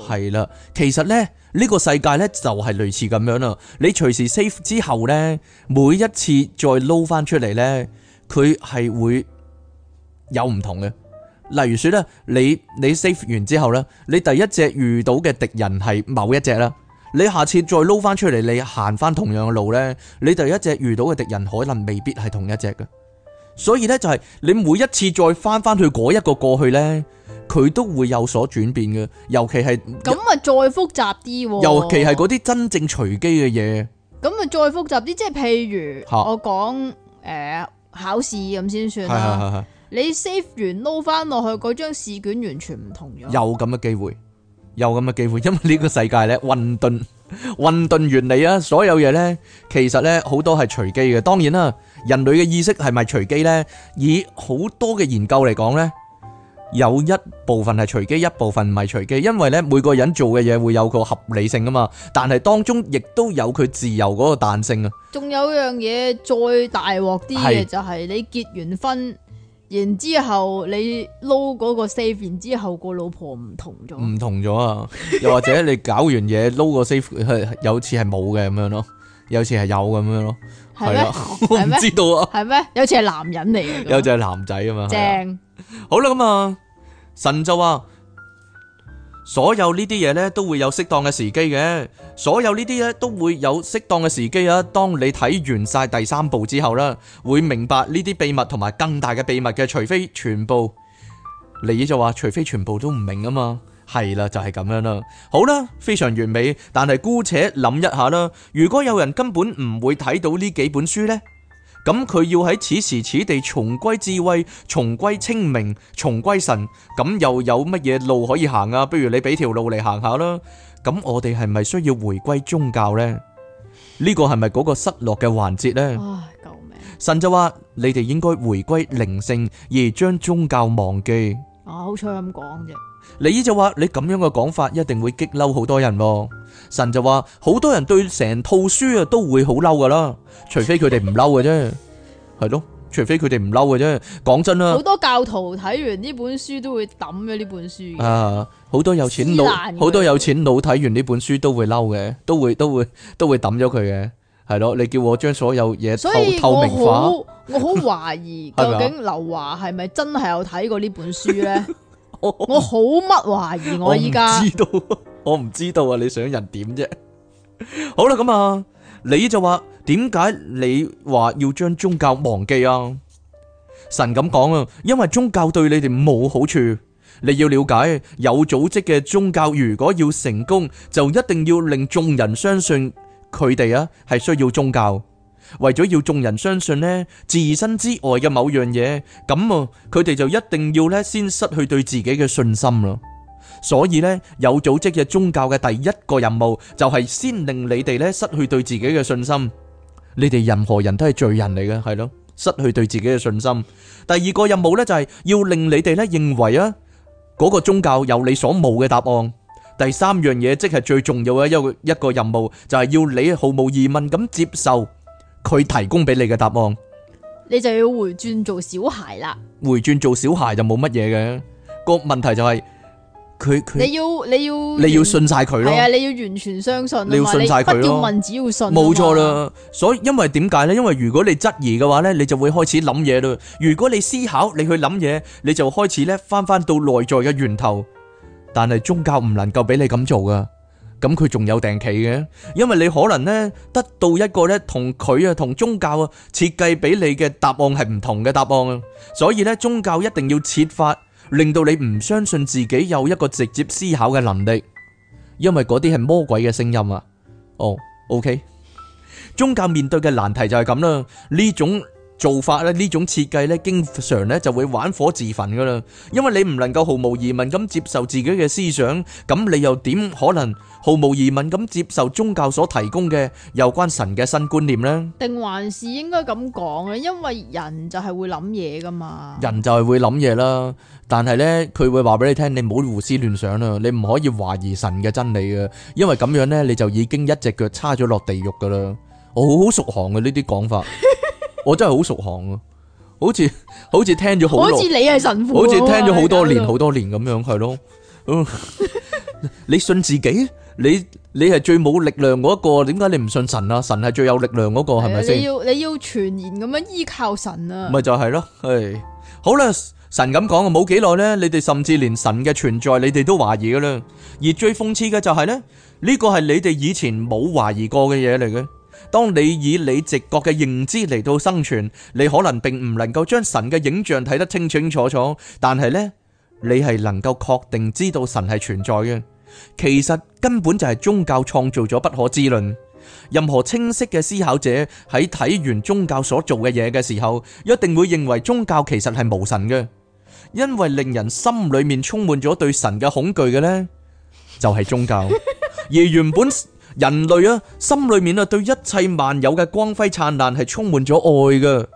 係啦，其實咧呢、呢個世界呢就係類似咁樣啦。你隨時 save 之後呢，每一次再撈翻出嚟呢，佢係會有唔同嘅。例如說咧，你你 save 完之後呢，你第一隻遇到嘅敵人係某一隻啦，你下次再撈翻出嚟，你行翻同樣嘅路呢，你第一隻遇到嘅敵人可能未必係同一隻嘅。所以呢，就係、是、你每一次再翻翻去嗰一個過去呢。佢都會有所轉變嘅，尤其係咁咪再複雜啲，哦。尤其係嗰啲真正隨機嘅嘢，咁咪再複雜啲，即係譬如我講誒哈、呃、考試咁先算。是是是是。你 save 完撈翻落去嗰張試卷完全唔同咗，有咁嘅機會，有咁嘅機會，因為呢個世界呢，混沌，混沌原理啊，所有嘢呢，其實呢，好多係隨機嘅。當然啦，人類嘅意識係咪隨機呢？以好多嘅研究嚟講呢，有一部分係隨機，一部分唔係隨機，因為咧每個人做嘅嘢會有個合理性啊嘛，但係當中亦都有佢自由嗰個彈性啊。仲有樣嘢再大鑊啲嘅就係你結完婚，是然之後你撈嗰個 save 然之後個老婆唔同咗，唔同咗啊！又或者你搞完嘢撈 個 save，有次係冇嘅咁樣咯，有次係有咁樣咯，係咩、啊嗎 啊？我唔知道啊。係咩？有次係男人嚟嘅， 有隻係男仔啊嘛，正。好啦，咁啊，神就話所有呢啲嘢呢，都會有適當嘅時機嘅，所有呢啲呢，都會有適當嘅時機啊。當你睇完晒第三部之後啦，會明白呢啲秘密同埋更大嘅秘密嘅，除非全部。你就話除非全部都唔明啊嘛，係啦就係、是、咁樣啦。好啦，非常完美，但係姑且諗一下啦，如果有人根本唔會睇到呢幾本書呢？咁佢要喺此時此地重歸智慧、重歸清明、重歸神，咁又有乜嘢路可以行啊？不如你俾條路嚟行下啦。咁我哋係咪需要回歸宗教呢？呢個係咪嗰個失落嘅環節呢？啊，神就話你哋應該回歸靈性，而將宗教忘記。啊，好彩咁講啫。你呢就話你咁樣嘅講法一定會激嬲好多人啊。神就話，好多人對成套書啊都會好嬲噶啦，除非佢哋唔嬲嘅啫，係咯，除非佢哋唔嬲嘅啫。講真啦，好多教徒睇完呢本書都會抌咗呢本書啊，好多有錢佬，好難多有錢佬睇完呢本書都會嬲嘅，都會都會都會抌咗佢嘅，係咯。你叫我將所有嘢透明化，我好懷疑究竟劉華係咪真係有睇過呢本書咧？是吧 我好乜懷疑我我，我依家。我唔知道啊！你想人點啫？好啦，咁啊，你就話，點解你話要將宗教忘記啊？神咁講啊，因為宗教對你哋冇好處。你要了解，有組織嘅宗教如果要成功，就一定要令眾人相信佢哋啊，係需要宗教。為咗要眾人相信呢，自身之外嘅某樣嘢，咁啊佢哋就一定要咧先失去對自己嘅信心咯。所以呢，有組織嘅宗教嘅第一個任務就係先令你哋呢失去對自己嘅信心。你哋任何人都係罪人嚟嘅，係咯，失去對自己嘅信心。第二個任務呢就係要令你哋呢認為啊，嗰個宗教有你所冇嘅答案。第三樣嘢即係最重要嘅一個一個任務，就係要你毫無疑問咁接受佢提供俾你嘅答案。你就要回轉做小孩啦，回轉做小孩就冇乜嘢嘅。個問題就係。佢，你要你要你要信晒佢咯，係啊，你要完全相信，你要信晒佢咯，唔要問，只要信，冇錯啦。所以因為點解咧？因為如果你質疑嘅話咧，你就會開始諗嘢咯。如果你思考，你去諗嘢，你就開始咧翻翻到內在嘅源頭。但係宗教唔能夠俾你咁做噶，咁佢仲有定期嘅，因為你可能咧得到一個咧同佢啊，同宗教啊設計俾你嘅答案係唔同嘅答案啊。所以咧，宗教一定要設法。令到你唔相信自己有一個直接思考嘅能力，因為嗰啲係魔鬼嘅聲音啊！哦，oh，OK，宗教面對嘅難題就係咁啦，呢種。做法咧，呢種設計咧，經常咧，就會玩火自焚噶啦。因為你唔能夠毫無疑問咁接受自己嘅思想，咁你又點可能毫無疑問咁接受宗教所提供嘅有關神嘅新觀念咧？定還是應該咁講呀？因為人就係會諗嘢噶嘛，人就係會諗嘢啦。但係咧，佢會話俾你聽，你唔好胡思亂想啦，你唔可以懷疑神嘅真理呀，因為咁樣咧，你就已經一隻腳叉咗落地獄噶啦。我好好熟行嘅呢啲講法。我真係好熟行啊，好似好似聽咗好，好似你係神父，好似聽咗好多年，好多年咁樣，係咯， 你信自己，你你係最冇力量嗰一個，點解你唔信神啊？神係最有力量嗰個，係咪先？你要你要全然咁樣依靠神啊？咪就係咯，係好啦，神咁講啊，冇幾耐咧，你哋甚至連神嘅存在，你哋都懷疑噶啦。而最諷刺嘅就係咧，呢個係你哋以前冇懷疑過嘅嘢嚟嘅。當你以你直覺嘅認知嚟，到生存，你可能並唔能夠將神嘅影像睇得清清楚楚，但係呢，你係能夠確定知道神係存在嘅。其實根本就係宗教創造咗不可知論，任何清晰嘅思考者喺睇完宗教所做嘅嘢嘅時候，一定會認為宗教其實係無神嘅，因為令人心裏面充滿咗對神嘅恐懼嘅呢，就係宗教，而原本。人類啊，心裏面啊，對一切萬有嘅光輝燦爛係充滿咗愛嘅，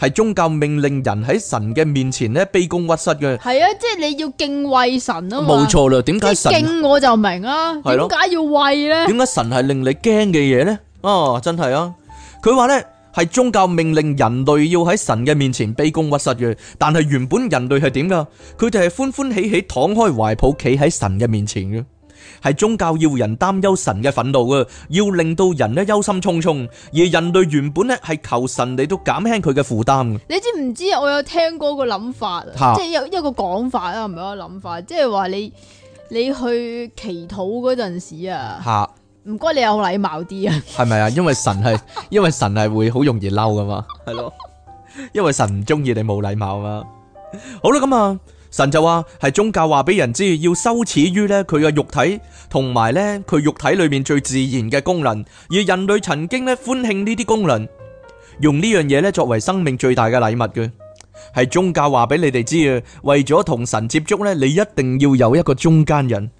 係宗教命令人喺神嘅面前咧卑躬屈膝嘅。係啊，即係你要敬畏神啊嘛。冇錯啦，點解神敬我就明啊？係咯，點解要畏咧？點解神係令你驚嘅嘢咧？啊，真係啊！佢話咧，係宗教命令人類要喺神嘅面前卑躬屈膝嘅，但係原本人類係點噶？佢哋係歡歡喜喜躺開懷抱企喺神嘅面前嘅。係宗教要人擔憂神嘅憤怒嘅，要令到人咧憂心忡忡，而人類原本咧係求神嚟都減輕佢嘅負擔嘅。你知唔知我有聽過個諗法，哈法，法，即係有一個講法啦，唔係一個諗法，即係話你你去祈禱嗰陣時啊，唔該哈你有禮貌啲啊，係咪啊？因為神係 因為神係會好容易嬲噶嘛，係咯，因為神唔中意你冇禮貌啊。好啦，咁啊。神就話，係宗教話俾人知要羞恥於呢佢嘅肉體，同埋呢佢肉體裏面最自然嘅功能。而人類曾經呢歡慶呢啲功能，用呢樣嘢呢作為生命最大嘅禮物嘅。係宗教話俾你哋知啊，為咗同神接觸呢，你一定要有一個中間人。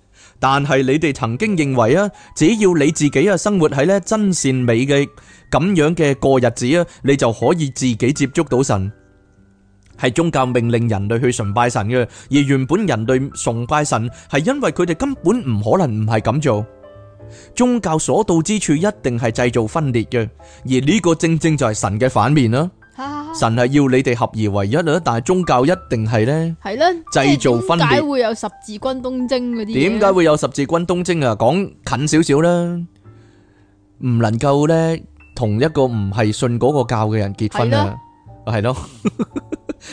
但係你哋曾經認為啊，只要你自己啊生活喺呢真善美嘅咁樣嘅過日子啊，你就可以自己接觸到神。係宗教命令人類去崇拜神嘅，而原本人類崇拜神係因為佢哋根本唔可能唔係咁做。宗教所到之處一定係製造分裂嘅，而呢個正正就係神嘅反面啦。神係要你哋合而為一啦，但係宗教一定係咧，係咧製造分裂。點解會有十字軍東征嗰啲？點解會有十字軍東征啊？講近少少啦，唔能夠咧同一個唔係信嗰個教嘅人結婚啊！係咯，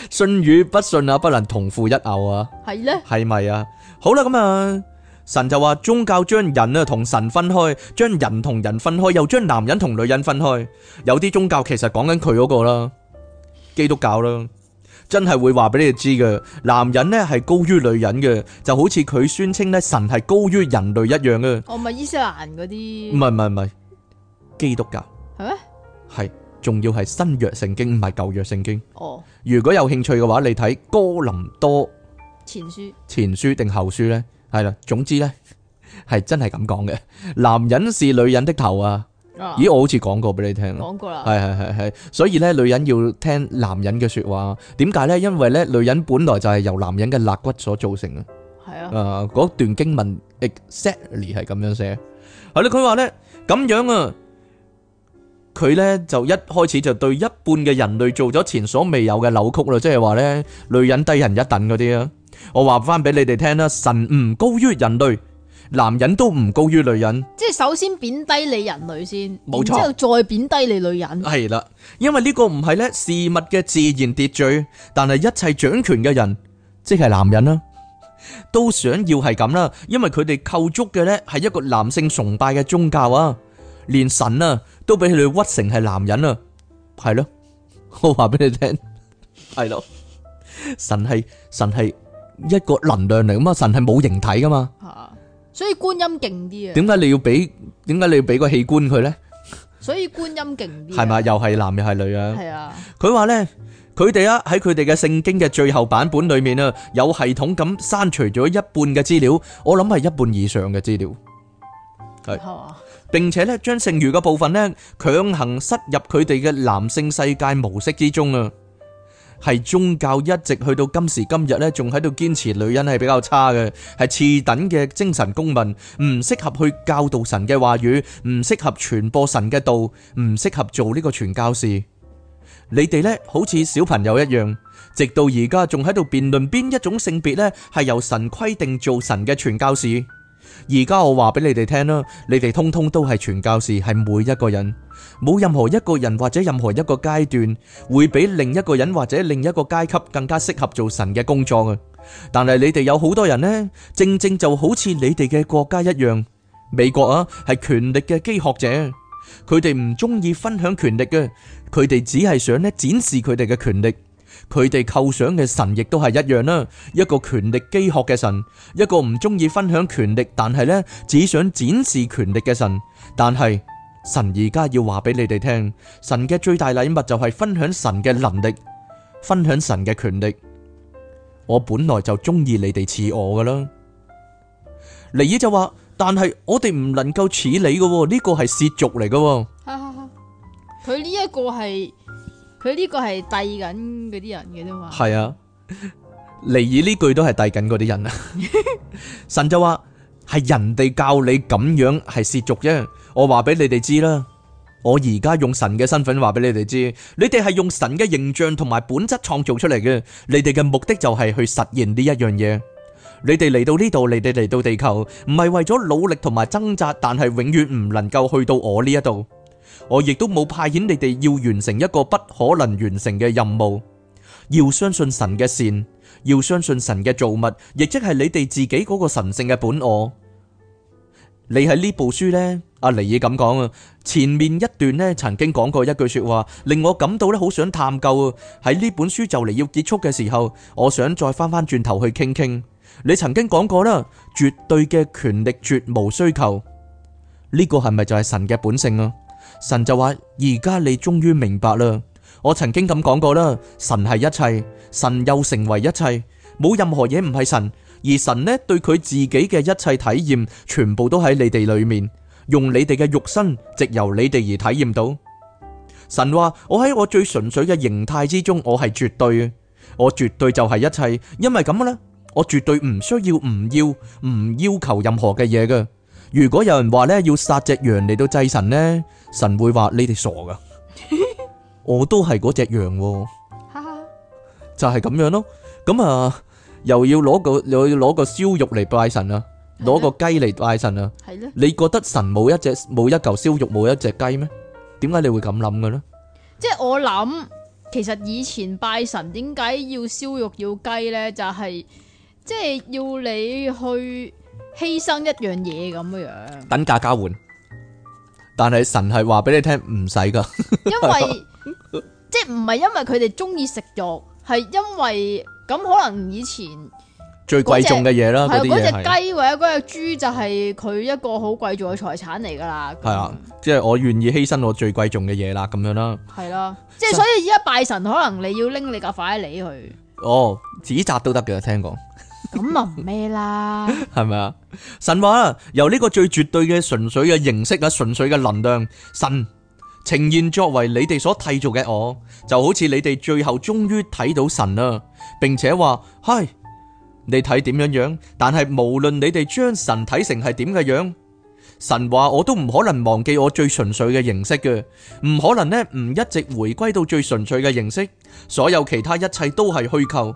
信與不信啊，不能同負一軛啊。係咧，係咪啊？好啦，咁啊，神就話宗教將人啊同神分開，將人同人分開，又將男人同女人分開。有啲宗教其實講緊佢嗰個啦，基督教啦，真係會話俾你知嘅。男人呢係高於女人嘅，就好似佢宣稱咧神係高於人類一樣啊。哦，咪伊斯蘭嗰啲？唔係，唔係，唔係，基督教。係咩？係。仲要係新約聖經，唔係舊約聖經。哦，如果有興趣嘅話，你睇哥林多前書、前書定後書咧，係啦。總之咧，係真係咁講嘅。男人是女人的頭啊！咦，我好似講過俾你聽啦，講過啦，係係係係。所以咧，女人要聽男人嘅說話。點解咧？因為咧，女人本來就係由男人嘅肋骨所造成嘅。係啊，誒，嗰段經文 exactly 係咁樣寫，係啦。佢話咧，咁樣啊。佢呢就一開始就對一半嘅人類做咗前所未有嘅扭曲啦，即係話呢，女人低人一等嗰啲啊！我話翻俾你哋聽啦，神唔高於人類，男人都唔高於女人。即係首先貶低你人類先，冇錯，之後再貶低你女人。係啦，因為呢個唔係呢事物嘅自然秩序，但係一切掌權嘅人，即係男人啦，都想要係咁啦，因為佢哋構築嘅呢係一個男性崇拜嘅宗教啊。連神啊都俾佢哋屈成係男人啊，係咯，我話俾你聽，係咯，神係神係一個能量嚟，噶嘛神係冇形體噶嘛，吓，所以觀音勁啲啊，點解你要俾點解你要俾個器官佢咧？所以觀音勁啲，係咪，又係男又係女啊，係啊，佢話咧，佢哋啊喺佢哋嘅聖經嘅最後版本裏面啊，有系統咁刪除咗一半嘅資料，我諗係一半以上嘅資料，係。並且咧，將剩餘嘅部分咧，強行塞入佢哋嘅男性世界模式之中啊！係宗教一直去到今時今日呢，仲喺度堅持女人係比較差嘅，係次等嘅精神公民，唔適合去教導神嘅話語，唔適合傳播神嘅道，唔適合做呢個傳教士。你哋呢，好似小朋友一樣，直到而家仲喺度辯論邊一種性別呢係由神規定做神嘅傳教士。而家我話俾你哋聽啦，你哋通通都係傳教士，係每一個人，冇任何一個人或者任何一個階段會比另一個人或者另一個階級更加適合做神嘅工作嘅。但係你哋有好多人呢，正正就好似你哋嘅國家一樣，美國啊，係權力嘅積學者，佢哋唔中意分享權力嘅，佢哋只係想呢展示佢哋嘅權力。佢哋構想嘅神亦都係一樣啦，一個權力飢渴嘅神，一個唔中意分享權力，但係呢，只想展示權力嘅神。但係神而家要話俾你哋聽，神嘅最大禮物就係分享神嘅能力，分享神嘅權力。我本來就中意你哋似我噶啦。尼爾就話，但係我哋唔能夠賜你噶，呢、啊、個係褻瀆嚟噶。佢呢一個係。佢呢個係帶緊嗰啲人嘅啫嘛，係啊，尼爾呢句都係帶緊嗰啲人啊。神就話，係人哋教你咁樣係褻瀆啫。我話俾你哋知啦，我而家用神嘅身份話俾你哋知，你哋係用神嘅形象同埋本質創造出嚟嘅。你哋嘅目的就係去實現呢一樣嘢。你哋嚟到呢度，你哋嚟到地球，唔係為咗努力同埋掙扎，但係永遠唔能夠去到我呢一度。我亦都冇派遣你哋要完成一個不可能完成嘅任務。要相信神嘅善，要相信神嘅造物，亦即係你哋自己嗰個神聖嘅本我。你喺呢部書呢，阿、啊、尼爾咁講啊。前面一段咧，曾經講過一句說話，令我感到咧好想探究，喺呢本書就嚟要結束嘅時候，我想再翻翻轉頭去傾傾。你曾經講過啦，絕對嘅權力絕無需求呢、呢個係咪就係神嘅本性啊？神就話：而家你終於明白啦。我曾經咁講過啦，神係一切，神又成為一切，冇任何嘢唔係神。而神呢，對佢自己嘅一切體驗，全部都喺你哋裏面，用你哋嘅肉身，直由你哋而體驗到。神話：我喺我最純粹嘅形態之中，我係絕對，我絕對就係一切。因為咁樣呢，我絕對唔需要，唔要，唔要求任何嘅嘢噶。如果有人話咧，要殺隻羊嚟到祭神咧，神會話你哋傻噶。我都係嗰隻羊，就係咁樣咯。咁啊，又要攞個又要攞個燒肉嚟拜神啊，攞個雞嚟拜神啊。係咧，你覺得神冇一隻冇一嚿燒肉冇一隻雞咩？點解你會咁諗嘅咧？即係我諗，其實以前拜神點解要燒肉要雞咧，就係即係要你去。犧牲一樣嘢咁嘅樣，等價交換，但係神係話俾你聽唔使噶， 因為 即係唔係因為佢哋中意食肉，係因為咁可能以前最貴重嘅嘢啦，係嗰隻雞或者嗰隻豬就係佢一個好貴重嘅財產嚟噶啦，係啊，即係、就是、我願意犧牲我最貴重嘅嘢啦，咁樣啦，係咯，即係所以依家拜神可能你要拎你架筷子去，哦，紙紮都得嘅，聽講。咁又咩啦？係咪啊？神話由呢個最絕對嘅純粹嘅形式啊，純粹嘅能量，神呈現作為你哋所替造嘅我，就好似你哋最後終於睇到神啊，並且話，嗨，你睇點樣樣？但係無論你哋將神睇成係點嘅樣，神話我都唔可能忘記我最純粹嘅形式嘅，唔可能呢唔一直回歸到最純粹嘅形式，所有其他一切都係虛構。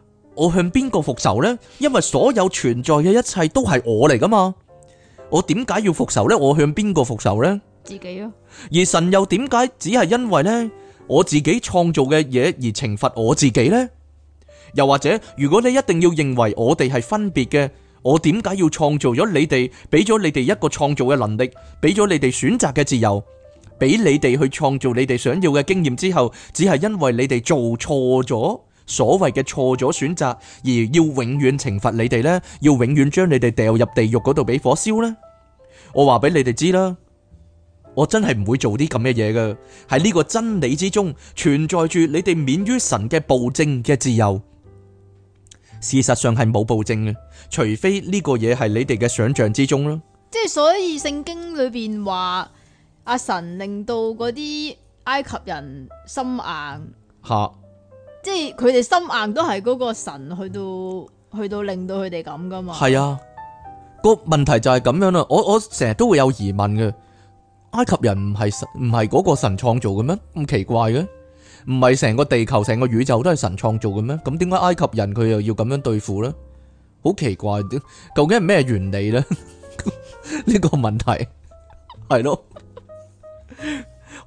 我向邊個復仇呢？因為所有存在嘅一切都係我嚟噶嘛？我點解要復仇呢？我向邊個復仇呢？自己咯、啊。而神又點解只係因為呢，我自己創造嘅嘢而懲罰我自己呢？又或者如果你一定要認為我哋係分別嘅，我點解要創造咗你哋，俾咗你哋一個創造嘅能力，俾咗你哋選擇嘅自由，俾你哋去創造你哋想要嘅經驗之後，只係因為你哋做錯咗？所謂嘅錯咗選擇而要永遠懲罰你哋呢，要永遠將你哋掉入地獄嗰度俾火燒呢？我話俾你哋知啦，我真係唔會做啲咁嘅嘢噶。喺呢個真理之中存在住你哋免於神嘅暴政嘅自由。事實上係冇暴政嘅，除非呢個嘢係你哋嘅想象之中啦。即係所以聖經裏邊話阿神令到嗰啲埃及人心硬吓。即係佢哋心硬都係嗰個神去到去到令到佢哋咁噶嘛？係啊，個問題就係咁樣啦。我我成日都會有疑問嘅，埃及人唔係神唔係嗰個神創造嘅咩？咁奇怪嘅，唔係成個地球成個宇宙都係神創造嘅咩？咁點解埃及人佢又要咁樣對付咧？好奇怪，究竟係咩原理咧？呢個問題，係咯。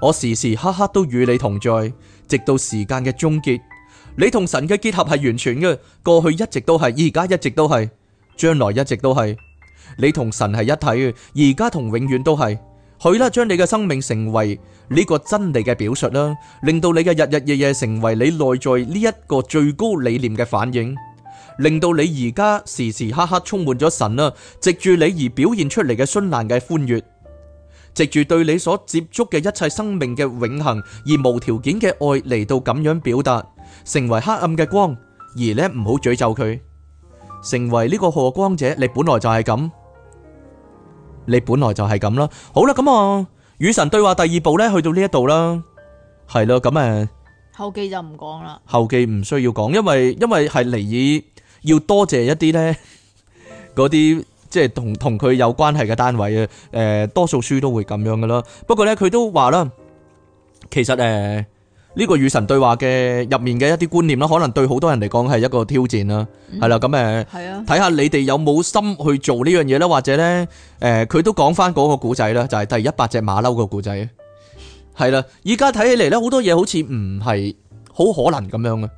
我時時刻刻都與你同在，直到時間嘅終結。你同神嘅結合係完全嘅，過去一直都係，而家一直都係，將來一直都係。你同神係一體嘅，而家同永遠都係。去啦，將你嘅生命成為呢個真理嘅表述啦，令到你嘅日日夜夜成為你內在呢一個最高理念嘅反應，令到你而家時時刻刻充滿咗神啦，藉住你而表現出嚟嘅絢爛嘅歡悅。藉住對你所接觸嘅一切生命嘅永恒而無條件嘅愛嚟到咁樣表達，成為黑暗嘅光，而呢唔好詛咒佢，成為呢個賀光者。你本來就係咁，你本來就係咁啦。好啦，咁啊，與神對話第二部呢，去到呢一度啦，係咯，咁誒，後記就唔講啦。後記唔需要講，因為因為係嚟以要多謝一啲呢嗰啲。即係同同佢有關係嘅單位啊，誒，多數書都會咁樣噶啦。不過咧，佢都話啦，其實誒，呢個與神對話嘅入面嘅一啲觀念啦，可能對好多人嚟講係一個挑戰啦。係啦，咁誒，睇下你哋有冇心去做呢樣嘢咧？或者咧，誒，佢都講翻嗰個古仔啦，就係第一百隻馬騮個古仔。係啦，而家睇起嚟咧，好多嘢好似唔係好可能咁樣啊。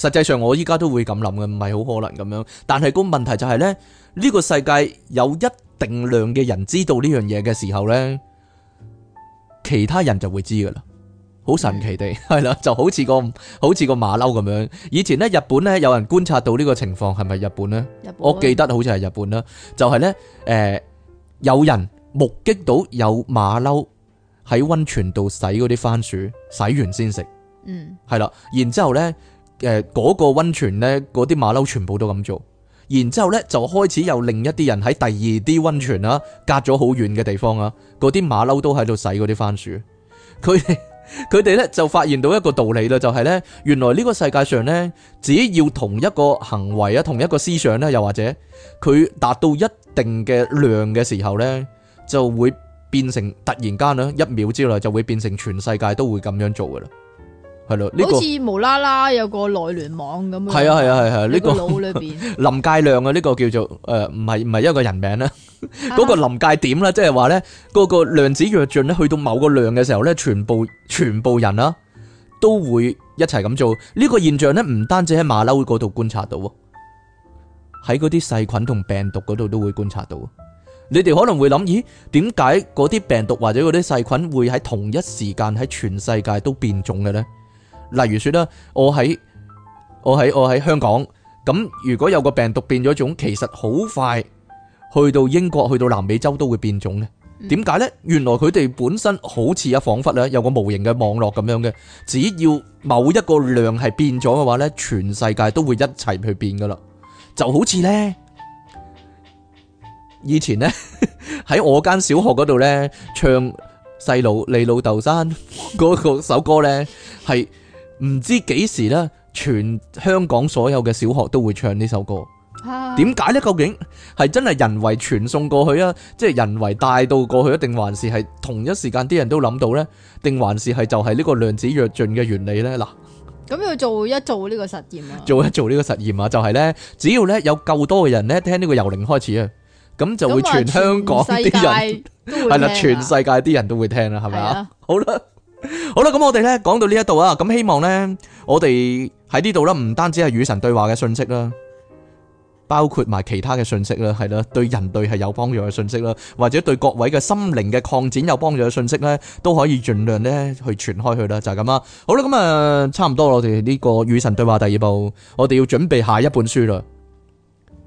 實際上我依家都會咁諗嘅，唔係好可能咁樣。但係個問題就係呢，呢個世界有一定量嘅人知道呢樣嘢嘅時候呢，其他人就會知㗎啦。好神奇地，係啦，嗯，就好似個好似個馬騮咁樣。以前呢，日本呢有人觀察到呢個情況，係咪日本呢？本我記得好似係日本啦。就係呢誒有人目擊到有馬騮喺溫泉度洗嗰啲番薯，洗完先食。嗯，係啦，然之後呢。誒，嗰、呃嗰個溫泉呢，嗰啲馬騮全部都咁做，然之後咧就開始有另一啲人喺第二啲溫泉啦、啊，隔咗好遠嘅地方啊，嗰啲馬騮都喺度洗嗰啲番薯，佢哋佢哋咧就發現到一個道理啦，就係、是、呢，原來呢個世界上呢，只要同一個行為啊，同一個思想呢，又或者佢達到一定嘅量嘅時候呢，就會變成突然間啦，一秒之內就會變成全世界都會咁樣做噶啦係、這個、好似無啦啦有個內聯網咁。係啊，係啊，係係呢個腦裏邊 臨界量啊，呢、這個叫做誒，唔係唔係一個人名咧，嗰個臨界點咧、啊，即係話咧嗰個量子躍進咧，去到某個量嘅時候咧，全部全部人啦、啊、都會一齊咁做呢、這個現象咧，唔單止喺馬騮嗰度觀察到喎，喺嗰啲細菌同病毒嗰度都會觀察到。你哋可能會諗，咦？點解嗰啲病毒或者嗰啲細菌會喺同一時間喺全世界都變種嘅咧？例如說啦，我喺我喺我喺香港，咁如果有個病毒變咗種，其實好快去到英國，去到南美洲都會變種嘅。點解咧？原來佢哋本身好似啊，仿佛咧有個無形嘅網絡咁樣嘅。只要某一個量係變咗嘅話咧，全世界都會一齊去變噶啦。就好似咧，以前咧喺我間小學嗰度咧唱細路你老豆山嗰個首歌咧係。唔知幾時呢，全香港所有嘅小學都會唱呢首歌。點解呢？究竟係真係人為傳送過去啊？即係人為帶到過去，定還是係同一時間啲人都諗到呢？定還是係就係呢個量子躍進嘅原理呢？嗱，咁要做一做呢個實驗啊！做一做呢個實驗啊！就係呢，只要呢有夠多嘅人呢聽呢個由零開始啊，咁就會全香港啲人係啦，全世界啲人都會聽啦，係咪啊？好啦。好啦，咁我哋咧講到呢一度啊，咁希望呢，我哋喺呢度啦，唔單止係與神對話嘅信息啦，包括埋其他嘅信息啦，係啦，對人類係有幫助嘅信息啦，或者對各位嘅心靈嘅擴展有幫助嘅信息呢，都可以盡量呢去傳開去啦，就係咁啊。好啦，咁啊差唔多我哋呢個與神對話第二部，我哋要準備下一本書啦，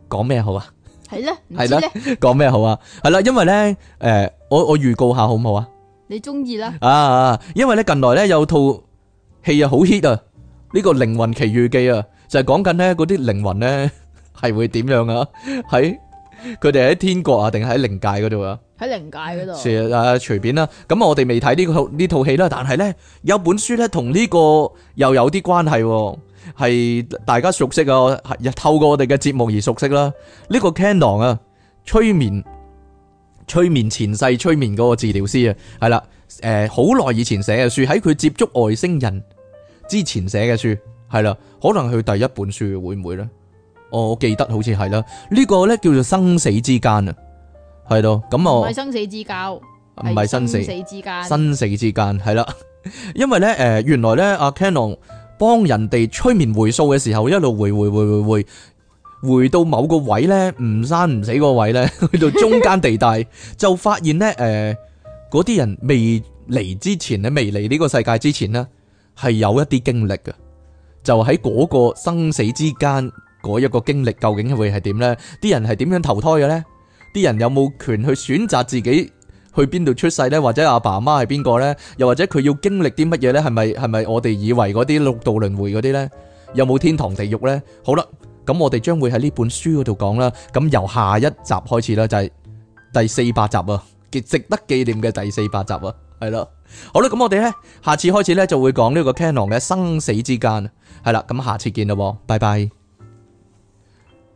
講咩好啊？係啦，係啦，講咩 好啊？係啦，因為呢，誒，我我預告下好唔好啊？你中意啦？啊，因為咧近來咧有套戲啊好 hit 啊，呢個《靈魂奇遇記》啊，就係講緊咧嗰啲靈魂咧係會點樣啊？喺佢哋喺天國啊，定喺靈界嗰度啊？喺靈界嗰度。是啊，隨便啦。咁我哋未睇呢個呢套戲啦，但係咧有本書咧同呢個又有啲關係，係大家熟悉啊，係透過我哋嘅節目而熟悉啦。呢個 Cannon 啊，催眠。催眠前世、催眠嗰個治療師啊，係啦，誒、呃，好耐以前寫嘅書，喺佢接觸外星人之前寫嘅書，係啦，可能佢第一本書會唔會咧？我記得好似係啦，這個、呢個咧叫做生死之間啊，係咯，咁啊，唔係生死之交，唔係生死，之間，生死之間係啦，因為咧，誒、呃，原來咧，阿 Canon 幫人哋催眠回溯嘅時候，一路回回回回回回。回到某個位呢，唔生唔死個位呢，去到中間地帶，就發現呢，誒、呃，嗰啲人未嚟之前呢，未嚟呢個世界之前呢，係有一啲經歷嘅。就喺嗰個生死之間，嗰一個經歷究竟會係點呢？啲人係點樣投胎嘅呢？啲人有冇權去選擇自己去邊度出世呢？或者阿爸阿媽係邊個呢？又或者佢要經歷啲乜嘢呢？係咪係咪我哋以為嗰啲六道輪迴嗰啲呢？有冇天堂地獄呢？好啦。咁我哋將會喺呢本書嗰度講啦，咁由下一集開始啦，就係第四百集啊，記值得紀念嘅第四百集啊，係啦，好啦，咁我哋咧下次開始咧就會講呢個 Canon 嘅生死之間，係啦，咁下次見啦，拜拜。.